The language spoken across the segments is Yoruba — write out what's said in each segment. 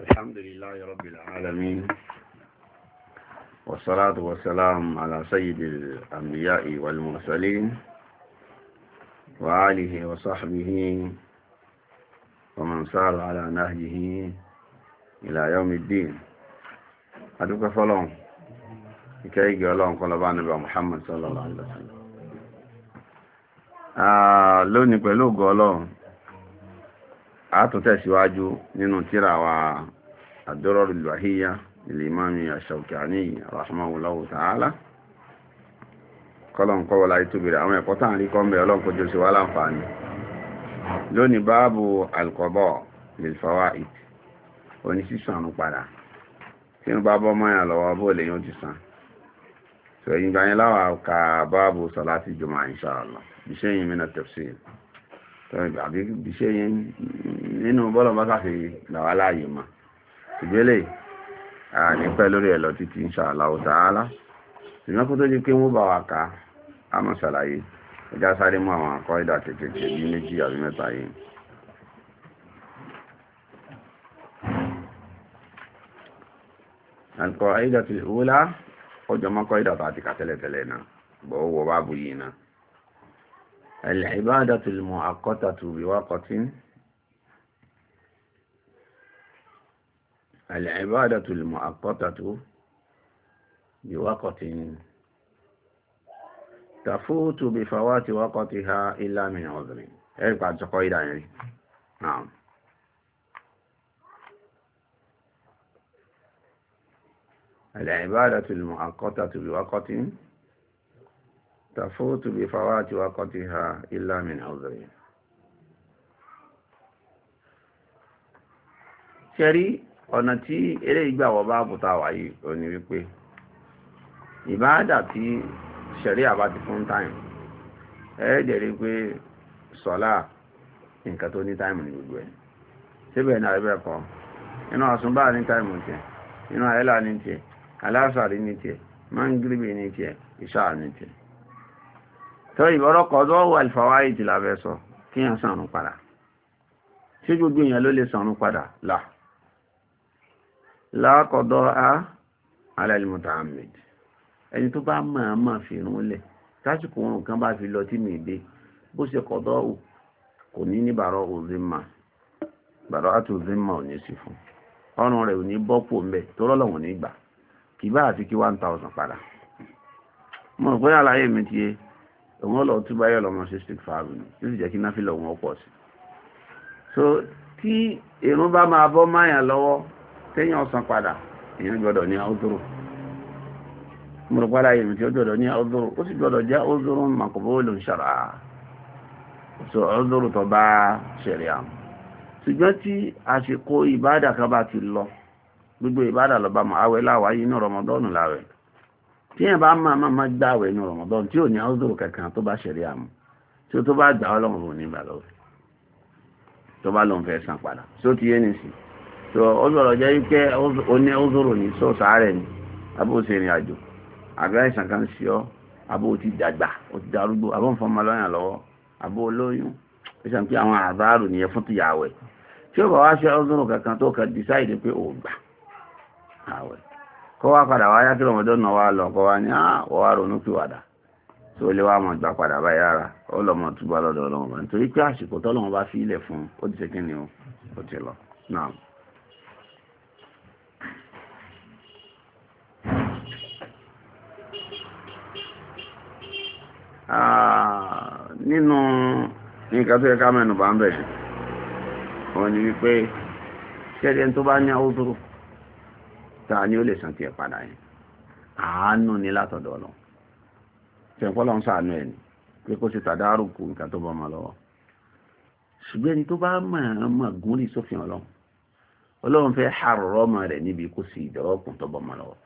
الحمد لله رب العالمين والصلاة والسلام على سيد الأنبياء والمرسلين وآله وصحبه ومن سار على نهجه إلى يوم الدين أدوك فلون كي يقولون قال نبي محمد صلى الله عليه وسلم آه لوني بلوغ قولون àátúntẹ̀síwájú nínú tíra wa àdọ́rọ̀rù ìlúwàhíyá ìlìmáàmì àṣàkìání rahimahullahu ta'ala kọ́lọ̀n kọ́wọ́ láì tóbi rẹ̀ àwọn ẹ̀kọ́ tàn rí kọ́mbẹ̀ ọlọ́nkọjọ́ sí wá láǹfààní lónìí báàbù alkọ́bọ̀ lèfàwà ìt oní sísànù padà tí wọ́n bá bọ́ mọ́yàn lọ́wọ́ bó lè yóò ti sàn sọ àbí iṣẹ́ yẹn nínú bọ́lọ̀ bá kàfẹ́ làwà láàyè mà ìgbélé àní pẹ́ lórí ẹ̀ lọ títí inshallah ta'ala ṣùgbọ́n kó tó di pé wọ́n bá wa kà á mọ̀ ṣàlàyé ẹjá sáré mú àwọn akọ́ ìdá kékeré ní méjì àbí mẹ́ta yìí alkọ̀ ìdá tó wúlá ọjọ́ mọ́kọ́ ìdá tó àti kàtẹ́lẹ̀tẹ́lẹ̀ náà gbọ́ wọ bá bu yìí náà العبادة المؤقتة بوقت العبادة المؤقتة بوقت تفوت بفوات وقتها إلا من عذر ارفع تقويد يعني نعم العبادة المؤقتة بوقت تفوت بفوات وقتها إلا من عذر ṣẹ́rí ọ̀nà tí eré ìgbà wọ bá bùta wà yìí ò ní wípé ìbáàdà tí ṣẹ̀rí àbá ti fún táìmù ẹ̀ẹ́dẹ̀ rí pé sọ́lá nǹkan tó ní táìmù ní gbogbo ẹ̀ síbẹ̀ ní àríbẹ̀ kọ́ inú àsùnbà ní táìmù tiẹ̀ inú àyẹ́là ní tiẹ̀ aláṣàrí ní tiẹ̀ mángíríbì ní tiẹ̀ ìṣáà ní tiẹ̀ tó ìwọ́rọ̀ kọ́dọ̀ wà ti sọ kí yàn sànù padà tí gbogbo èèyàn ló lè sànù padà là a alẹ́lìmọ̀tà ahmed ẹni tó bá máa fi irun lẹ̀ tásìkò wọn kan bá fi lọ tí mi dé bó ṣe fún ọrùn rẹ̀ ò ní tó rọ́lọ́wọ̀n ní kì one thousand padà mo rò pé àlàyé mi ti òun lọ túbọ̀ ayọ̀ lọ́mọ ṣe stick fàábì ní sì jẹ́ kí náfìlà òun ọ̀pọ̀ sí so tí irun bá máa bọ́ máyàn lọ́wọ́ téèyàn san padà èèyàn gbọ́dọ̀ ní àwùjọ́rò mo rò padà èèyàn tí ó gbọ́dọ̀ ní àwùjọ́rò ó sì gbọ́dọ̀ jẹ́ àwùjọ́rò màkòbó ló ń ṣàrà so àwùjọ́rò tó bá ṣẹlẹ̀ àmọ́ ṣùgbọ́n tí àsìkò ìbádà kan bá ti lọ gbogbo ìbádà lọ bá mọ àwẹ̀ láwàá yìí ní rọmọdọ́nù láwẹ̀ tí yẹn bá máa máa máa gbààwẹ̀ ní Ramadan tí ò ní áwùdòrò kankan tó bá ṣẹ̀rí àmú tí ó tó bá gbà ọlọ́run ò ní gbà lọ́wọ́ tó bá lọ́n fẹ́ san padà tí ó ti yé ní sí tó ó sọ̀rọ̀ jẹ́ wípé ó ní áwùdòrò ní sọ sàárẹ̀ ni abó ṣe ìrìn àjò àgbà ìsàn kan sí ọ abó ti dàgbà ó ti darúgbó abó ń fọmọ lọ́yàn lọ́wọ́ abó olóyún ó sàn pé àwọn àbárò nìyẹn fún tìyàwẹ̀ tí ó bá wá ṣe áwùdòrò kankan tó kàn dísáìdì pé ò gbà àwẹ̀ kọ́ padà wá yá kí lọ́mọdé náà wá lọ kọ́ wá ní àwọ̀ wá wàdà tí ó lé wá mọ̀ gbà padà báyìí yára ó lọ́mọ túbọ̀ lọ́dọ̀ ọlọ́mọ nítorí pé àsìkò tọ́lọ́mọ bá fi ilẹ̀ fún ó ti ṣe kí ni ó ti lọ náà. nínú nǹkan tó yẹ ká mẹ́nu bá ń bẹ̀rẹ̀ òun ni wípé ṣẹ́ni tó bá ní àwùjọ ta ni ó lè san tiẹ̀ padà yẹn àánú ni látọ̀dọ̀ lọ tẹ̀pọ́lọ́ ń sàánú ẹ̀ ni pé kó sì tàdárù kù nǹkan tó bọ́ ọmọ lọ́wọ́ ṣùgbọ́n ẹni tó bá mọ̀ gúnlẹ̀ sófin ọlọ́run ọlọ́run fẹ́ hàrọ̀rọ̀ ọmọ rẹ̀ níbi kó sì ìdọ́rọ̀kùn tó bọ́ ọmọ lọ́wọ́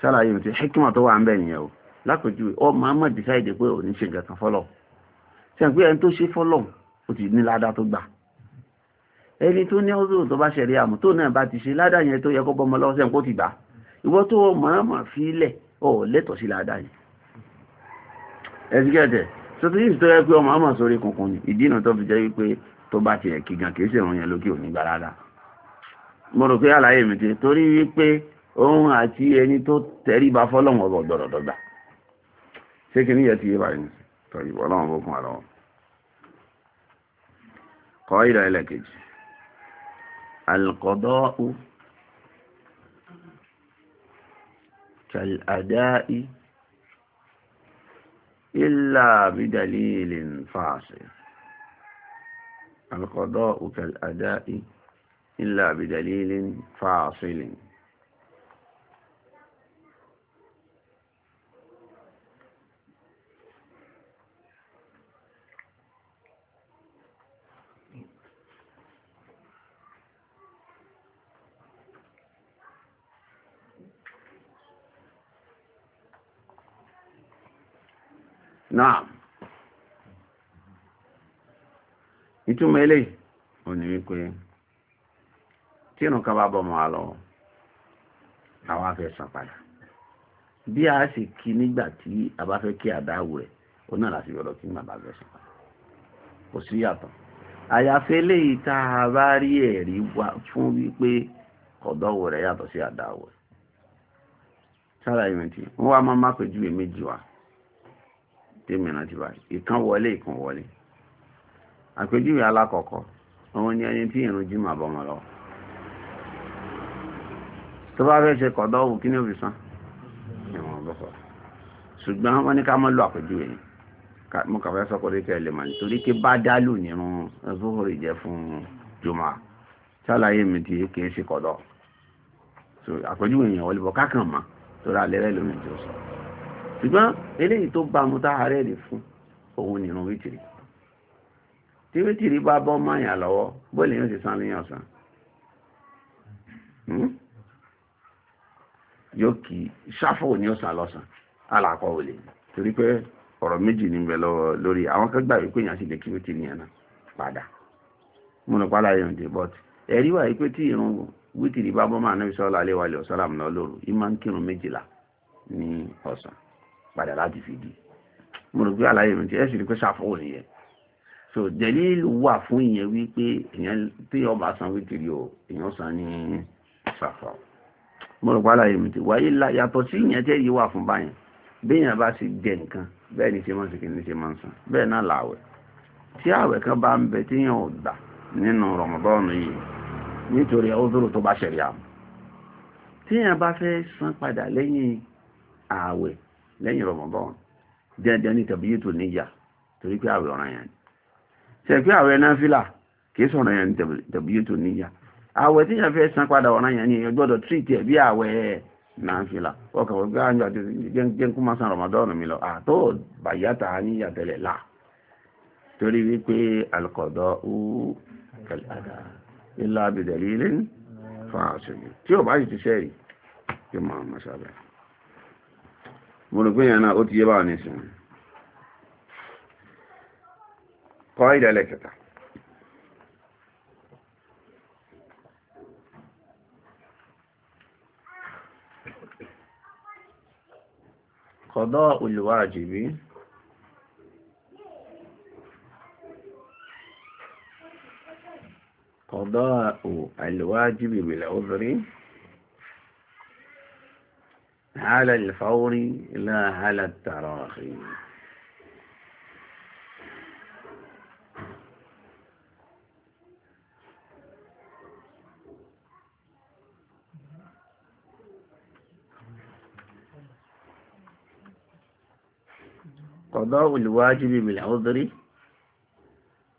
sálàyé ti hikima tó wà ń bẹ̀ nìyẹn o lápẹjù ọmọ ọmọ dìsáìdì pé òní ṣe nǹkan kan fọlọ́ sẹ́yìn pé ẹni tó ṣe fọlọ́ ó ti ní ládàá tó gbà ẹni tó ní ọ́sùn tó bá ṣẹ̀rí àmù tó náà bá ti ṣe ládàá yẹn tó yẹ kó bọ́mọ lọ́wọ́ sẹ́yìn kó ti gbà ìwọ tó mọ̀ọ́mọ̀ fi lẹ̀ ọ̀ lẹ́tọ̀ọ́ sí ládàá ẹ̀sìkẹ́tẹ̀ tuntun yìí tó yẹ pé ọmọ ọmọ sórí kunkun ni ìdínà tó fi jẹ́ wípé tó bá tiẹ̀ kígan kìí ṣe òun yẹn lókè òní gbà rárá mo rò pé àlàyé mi ti torí wípé òun àti ẹni tó tẹríba fọlọ́wọ́n ọ̀bọ̀ dọ̀dọ̀dọ̀gbà ṣé kìíní yẹ ti yé báyìí tọ́jú القضاء كالأداء إلا بدليل فاصل القضاء كالأداء إلا بدليل فاصل náà ìtumọ̀ eléyìí ò ní wípé tí ìrùn kan bá bọ́ mọ́ àlọ́ àwọn afẹ́ san padà bí a sì kí nígbà tí a bá fẹ́ kí àdáwò rẹ̀ ó náà láti yọ̀dọ̀ kí nígbà bá padà kò sí yàtọ̀ àyàfẹ́ eléyìí tá bá rí ẹ̀rí wa fún wípé ọ̀dọ́wò rẹ̀ yàtọ̀ sí àdáwò rẹ̀ sára ìrìntì wọ́n wá máa má pèjú èméjì wa tèmi rántí báyìí ìkan wọlé ìkan wọlé àpèjúwe alákọ̀ọ́kọ́ òun ni ẹni tí ìrun jí màbọ̀ mọ̀ lọ tó bá fẹ́ ṣe kọ̀dọ̀ òun kí ni ó fi san ìwọ̀n bọ̀kọ̀ ṣùgbọ́n wọ́n ní ká mọ́ lọ àpèjúwe yìí mo kà fẹ́ sọ́kọ́ lókè ẹ̀lẹ́ màá nítorí pé bá dálù nírun ẹ̀fọ́fọ́rì jẹ́ fún jùmọ̀ ṣàlàyé mi ti kì í ṣe kọ̀dọ̀ àpèjúwe yẹn wọlé bọ̀ kákan mọ́ torí alẹ́ lómi tí ó sọ̀rọ̀ ṣùgbọ́n eléyìí tó bá mú táàrẹ lè fún òun nìrun wítìrì tí wítìrì bá bọ́ mọ́yàn lọ́wọ́ bó lè yóò ti san léyàn san hmm? yóò kì í ṣáfò ní ọ̀sán lọ́sàn alàkọ́ ò lè torí pé ọ̀rọ̀ méjì ní bẹ̀ lọ́wọ́ lórí àwọn kan gbà wípé èèyàn sì lè kí wítìrì yẹn náà padà múnú pálá yẹn dé bọ́t ẹ̀rí wà wípé tí irun wítìrì bá bọ́ mọ́ àná ìṣọ́lá alẹ́ wàlẹ̀ ọ̀sán làmúná lóru ìmọ̀ ń kírun méjìlá ní ọ̀sán padà láti fi di mo rò pé àlàyé mi ti ẹ̀ sì rí pé ṣàfọwọ́ nìyẹn so dẹ̀lí wà fún ìyẹn wípé èèyàn tí ọba san wítìrì o èèyàn san ní ṣàfà mo rò pé àlàyé mi ti wáyé la yàtọ̀ sí ìyẹn tẹ́ yìí wà fún báyẹn béèyàn bá sì jẹ nǹkan bẹ́ẹ̀ ni ṣe máa ń ṣe ni ṣe máa ń san bẹ́ẹ̀ náà làwẹ̀ tí àwẹ̀ kan bá ń bẹ téèyàn ò gbà nínú rọ̀mọ̀dọ́ọ̀nù yìí nítorí ọdúró tó bá ṣẹlẹ̀ àmọ́ téèyàn bá fẹ́ san padà lẹ́yìn ààwẹ̀ lẹ́yìn Ramadan dandan ní tàbí yìí tó níyà torí pé àwẹ̀ ọ̀ràn yẹn ṣe pé àwẹ̀ náfìlà kìí sọ̀rọ̀ yẹn ní tàbí yìí tó níyà àwẹ̀ tí yẹn fẹ́ san padà ọ̀ràn yẹn ni ẹ gbọ́dọ̀ tírìtì ẹ̀ bí àwẹ̀ náfìlà ọkọ̀ wọ́n gbé àjọ àti jẹ́ńkú máa san Ramadan mi lọ àtó ah, bàyàtà níyà tẹ́lẹ̀ là torí wípé alùkọ̀dọ̀ ó kẹlẹ́dà ilá abidẹ̀lẹ́lẹ́ fún àṣẹ tí ò bá yìí ti sẹ́yìn yóò máa mọ̀ sábẹ́. ملوكني أنا أوت ياباني سن قايد عليك قضاء الواجب قضاء الواجب بالعذر على الفور لا على التراخي قضاء الواجب بالعذر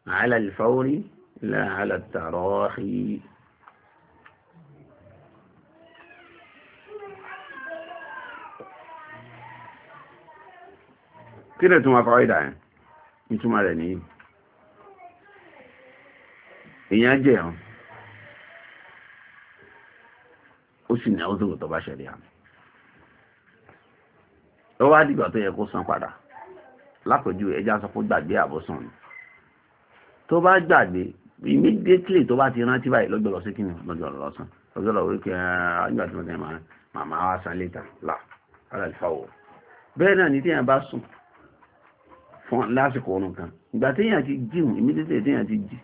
على الفور لا على التراخي kí lè túnmọ̀ fàwọ́ìdà yẹn ìtumọ̀ rẹ̀ nìyí èyàn jẹ́ ẹ̀hún ó sì ní àwọn tó tó bá ṣẹlẹ̀ àmì ó wá dìgbà tó yẹ kó san padà lápẹjù ẹja sọ fún gbàgbé àbọ̀sàn ni tó bá gbàgbé immediately tó bá ti rántí báyìí lọ́jọ́ lọ sí kí ni lọ́jọ́ lọ lọ́sàn lọ́jọ́ lọ orí kí ẹ̀ẹ́dìgbà ah, bẹ́ẹ̀ náà ní tí yẹn bá sùn fún lásìkò ọ̀run kan ìgbà tí èèyàn ti jí hùn ìmídìtì tí èèyàn ti jí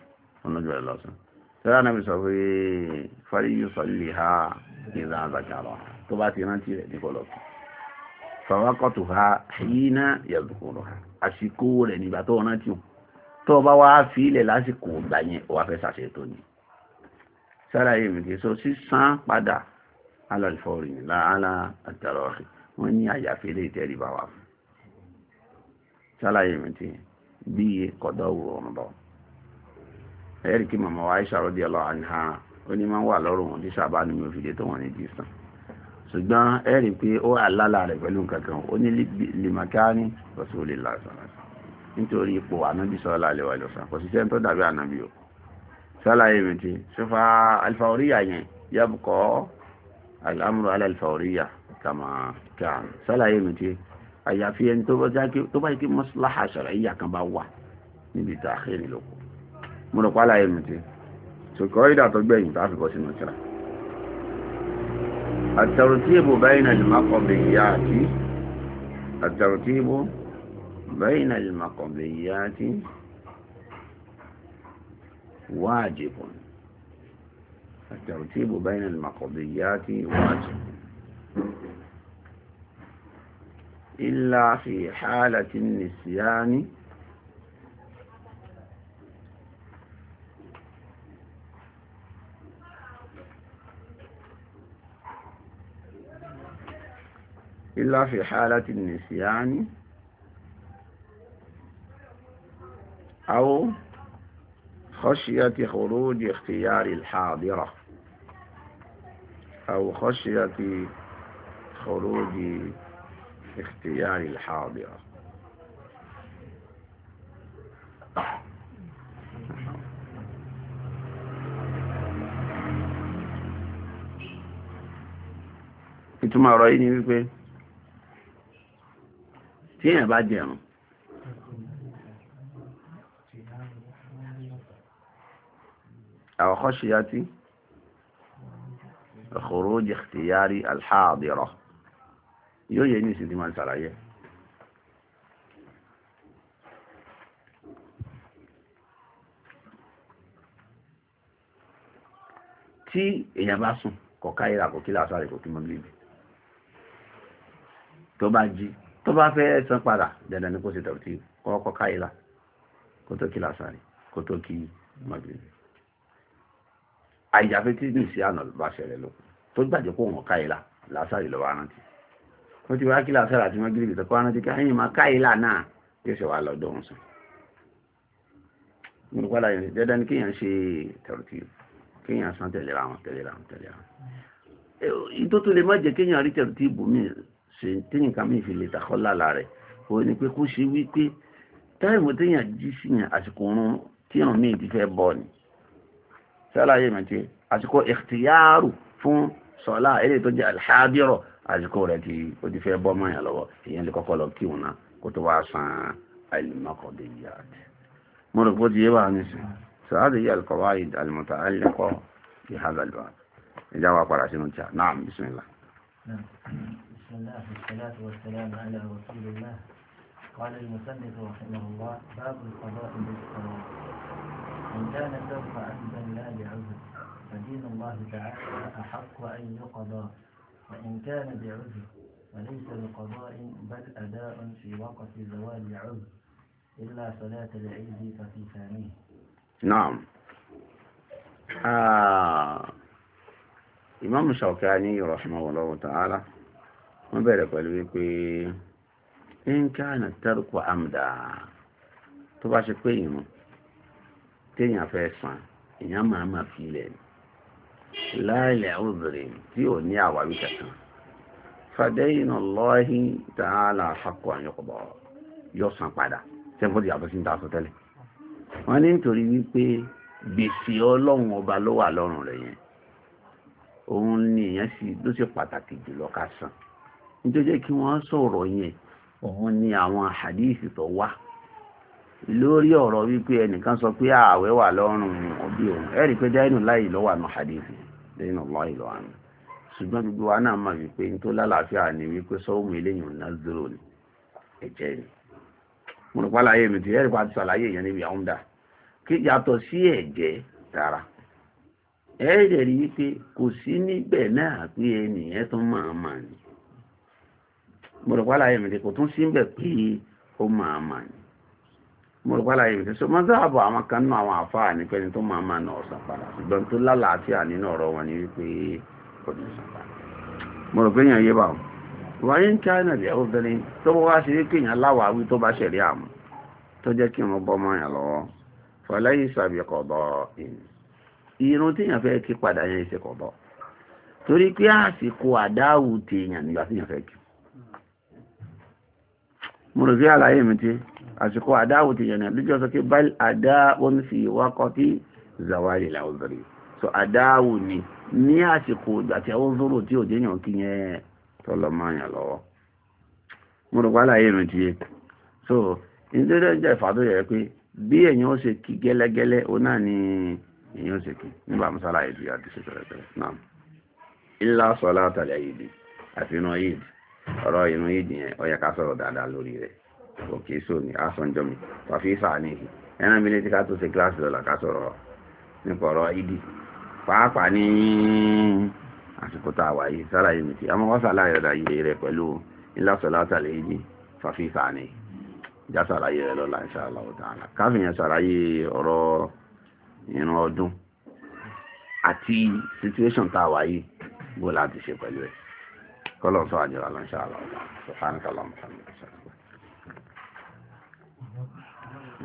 ọlọ́jọ́ rẹ̀ lọ́sàn tẹ́lá náà fi sọ pé fárí yóò sọ lè ha ìlà àzàkà lọ tó bá ti rántí rẹ̀ nípa lọ́kù fàwákọ̀tù ha yíná yàtùkù rọ̀ ha àsìkò rẹ̀ nígbà tó rántí hùn tó bá wá fi ilẹ̀ lásìkò ìgbà yẹn wà fẹ́ sàṣẹ tó sára yìí mi kì í sọ sísan padà alàlùfọ́ rìn láàlà àtàrọ̀ wọ́n ní àyàfi ilé wà fún ṣàlàyé mi ti bí iye kọ̀dọ̀ wù ọ̀run lọ. ẹ̀rí kí màmá wa Aisha radiyallahu anha ó ní máa ń wà lọ́rùn wọn ní sábà ni mi ò fi dé tó wọn ní dísàn ṣùgbọ́n ẹ̀rí pé ó àlálà rẹ̀ pẹ̀lú nǹkan kan ó ní limakani rasulillah sallallahu nítorí ipò ànábì sallallahu alaihi wasallam kò sí sẹ́ni tó dàbí ànábì o ṣàlàyé mi ti ṣùfà alifawariya yẹn yabukọ àyàfi ẹni tó bọ́já tó bá yẹ kí mọ́síláhà ṣọ̀rọ̀ yíyà kan bá wà níbi ìta àkẹ́rì lóko mo rò pálá ẹnu ti ṣùkọ́ ìdà tó gbẹ̀yìn tá a fi bọ́ sínú tíra الترتيب بين المقبليات الترتيب بين المقبليات واجب الترتيب بين المقبليات واجب إلا في حالة النسيان إلا في حالة النسيان أو خشية خروج اختيار الحاضرة أو خشية خروج اختيار الحاضرة انتم رأيني بيبين إيه؟ تينا بعد ديانو او خشياتي خروج اختياري الحاضره yóò yẹ ní ìsìnkú máa ṣàlàyé tí èèyàn bá sùn kọ̀ká ìrà kò kí làásàrè kò kí mọ́ gbèbè tó bá jí tó bá fẹ́ san padà dandan ní kó ṣe tọ̀tí kọ́ kọ̀ká ìrà kó tó kí làásàrè kó tó kí mọ́ gbèbè àìjàfẹ́ tí ní ìsí àná bá ṣẹlẹ̀ lọ tó gbàjẹ́ kó wọn ká ìrà làásàrè lọ́wọ́ arántí ó ti wá kí làásàrà àti mọ́gírìbì tọ́kọ́ wọn ti káyìn máa káyìlá náà yóò ṣe wà lọ́dọ̀ wọn sọ mo rò pàdà yẹn dandan ni kéèyàn ṣe tẹ̀rọ̀tì kéèyàn san tẹ̀léra wọn tẹ̀léra wọn tẹ̀léra wọn. ìtò tó lè má jẹ́ kéèyàn rí tẹ̀rọ̀tì bù mí ṣe téèyàn kan mí fi lè takọ́ lálá rẹ̀ òun ni pé kó ṣe wípé táìmù téèyàn jí sí yẹn àsìkò oorun tíyàn míì ti fẹ́ bọ̀ ni sálàyé mi ti àsìkò ìkhtiyáàrù fún sọlá eléyìí àsìkò rẹ̀ ti ó di fẹ́ bọ́ mọ́yàn lọ́wọ́ èèyàn lè kokolo kí òun kó tó wá san al yìí àti. mo rò pé ó ni se wa wà ya al yìí al-qawaid al-muta'alliqa bi hadha al-bab ìjà wa para sínú cha náà bismillah. بسم الله والصلاة والسلام على رسول الله قال المسند رحمه الله باب القضاء بالقضاء من كان سوف عبدا لا يعبد فدين الله تعالى أحق أن يقضى وإن كان بعذر فليس بقضاء بل أداء في وقت زوال عذر إلا صلاة العيد ففي ثانيه نعم آه. Imam Shawkani rahimahullahu ta'ala wọ́n bẹ̀rẹ̀ pẹ̀lú wípé in kana tarku amda tó bá ṣe pé ìrun téèyàn fẹ́ san èèyàn máa máa fi ilẹ̀ ni láìlẹ̀ obìnrin tí ò ní àwárí kankan fàdẹ́yìn lọ́hí tààlà àfàkọ̀ àyọkọ̀bọ̀ yóò san padà tẹ́fọ́dì àbọ̀sí ń tẹ́lẹ̀ wọ́n ní wípé gbèsè ọlọ́run ọba ló wà lọ́rùn rẹ̀ yẹn ni ìyẹn sì ló ṣe pàtàkì jùlọ san nítorí kí wọ́n sọ̀rọ̀ yẹn òun ni àwọn tó lórí ọ̀rọ̀ wípé ẹnìkan sọ pé ààwẹ̀ wà lọ́rùn ọbí òun ẹ̀rí pé dáínù láì lọ́wọ́ àná hadithi dáínù ìlọ àná ṣùgbọ́n gbogbo wa náà máa wípé tó lálàáfíà ni wípé sọ́wọ́mù eléyìí ni ẹ̀jẹ̀ ni mo rò pa láyé mi tí ẹ̀rí pa ti sàlàyé náà pé mo rò so mọ́sáàbù àwọn kan nínú àwọn àfáà ní pẹ́ni tó máa máa nà ọ̀sán padà ṣùgbọ́n tó lálàáfíà nínú ọ̀rọ̀ wọn ni wípé kò ní sàn padà mo rò pé yé wọn wáyé ń china lè obìnrin tó bá wá sí wípé èèyàn tó bá àmú tó kí yàn sàbí irun kí padà yẹn ṣe torí pé àsìkò àdáwù nígbà kí mo rò pé àsìkò àdáwò ti yẹnà lójú ọsọ pé báyìí àdáwò ń fi wákọ tí zawari làwọn so àdáwò ni ní àsìkò àti àwọn zoro tí ò jẹyàn kí yẹn tọlọ máa lọ́wọ́ mo rò wá láyé irun so nítorí ẹjẹ ìfàdó yẹ pé bí èèyàn ó ṣe kí gẹ́lẹ́gẹ́lẹ́ ó náà ni èèyàn ó ṣe kí nígbà mọ́sálà yìí àti ṣe tẹ̀lẹ̀tẹ̀lẹ̀ náà ilá sọlá tàlẹ́ yìí àfihàn yìí ọ̀rọ̀ ìrun yìí yẹn ó yẹ ká sọ̀rọ̀ dáadáa lórí rẹ̀ òkè so ní asọ̀njọ́ mi fàfífà níhì ẹran mi létí ká tó ṣe gíláàsì lọ́la ká sọ̀rọ̀ nípa ọ̀rọ̀ ìdí pàápàá ní àsìkò tá a wà yìí sálàyé mi ti àmọ́ wọ́n sàlàyé ọ̀dà yìí rẹ̀ pẹ̀lú ńlọ́sọ̀lá tàlẹ́ ìdí fàfífà níhì já sàlàyé rẹ̀ lọ́la inshallah ta'ala káfíyàn sàlàyé ọ̀rọ̀ ìran ọdún àti situation tá a wà yìí bó láti ṣe pẹ̀lú ẹ̀ kọ́lọ̀ sọ àjọ àlọ́ inshallah ta'ala subhanakallah muhammed